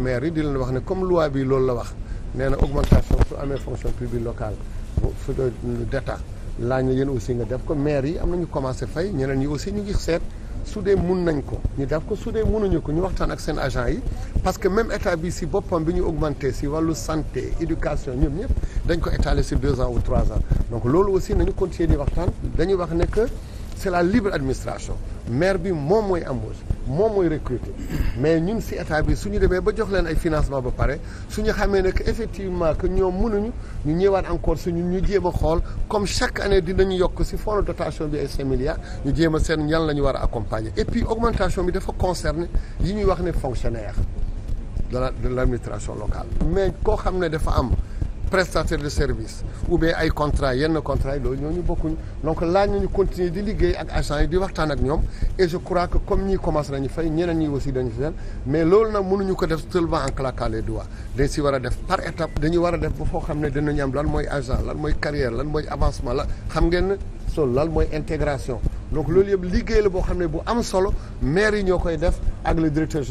maire yi di leen wax ne comme loi bi loolu la wax nee na augmentation su amee fonction publique locale fu d'état laaj na yéen aussi nga def ko maire yi am nañu commencé fay ñeneen yi aussi ñu ngi seet su dee mun nañ ko ñu def ko su dee mënuñu ko ñu waxtaan ak seen agent yi parce que même état bi si boppam bi ñu augmenté si wàllu santé éducation ñoom ñëpp dañ ko étaler sur deux ans ou trois ans donc loolu aussi nañu continuer di waxtaan dañuy wax ne que la libre administration maire bi moom mooy embauche moom mooy recruter mais ñun si état bi suñu demee ba jox leen ay financement ba pare suñu xamee ne effectivement que ñoom mënuñu ñu ñëwaat encore suñu ñu jéem a xool comme chaque année dinañu yokk si fonds de dotation bi ay cinq ñu jéem a seen ñan lañu ñu war a accompagner et puis augmentation bi dafa concerner yi ñuy wax ne fonctionnaire de la de locale mais koo xam ne dafa am prestateur de service ou bien ay contrat yenn contrat yi loolu ñooñu bokkuñu donc laaj nañu continuer di liggéey ak agents yi di waxtaan ak ñoom et je crois que comme ñii commencé nañu fay ñeneen ñi aussi dañu fay mais loolu nag mënuñu ko def seulement en claquant les doigts dañ si war a def par étape dañu war a def ba foo xam ne dinañu am lan mooy agent lan mooy carrière lan mooy avancement la xam ngeen sol lan mooy intégration donc loolu yëpp liggéey la boo xam ne bu am solo maire yi koy def ak le directeur